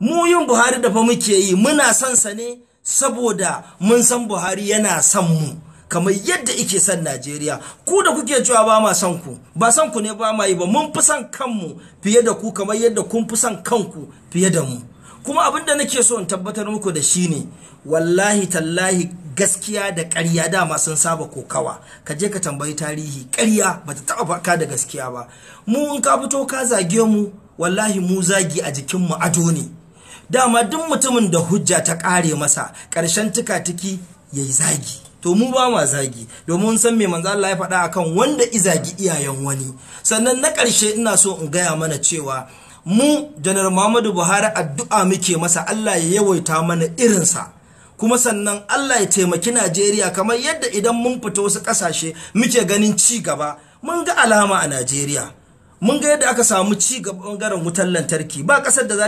mu yin buhari da fa muke yi muna son sa ne saboda mun san buhari yana son mu kamar yadda ike son najeriya ku da kuke cewa ba ma son ku ba son ku ne ba ma yi ba mun fi son kanmu fiye da ku kamar yadda kun fi son kanku fiye da mu kuma abin da nake so in tabbatar muku da shi ne wallahi tallahi gaskiya da ƙarya dama sun saba kokawa ka je ka tambayi tarihi ƙarya ba ta taɓa ka da gaskiya ba mu in ka fito ka zage mu wallahi mu zagi a jikinmu ado ne dama duk mutumin da hujja ta kare masa ƙarshen tuka-tuki ya yi zagi to mu ba ma zagi domin san mai manzo Allah ya faɗa akan wanda izagi iyayen wani sannan na ƙarshe ina so in gaya mana cewa mu janar Muhammadu Buhari addu'a muke masa Allah ya yawaita mana irinsa kuma sannan Allah ya taimaki Najeriya kamar yadda idan mun fita wasu ƙasashe muke ganin ci gaba mun ga alama a Najeriya mun ga yadda aka samu ci gaba ɓangaren wutar lantarki ba ƙasar da za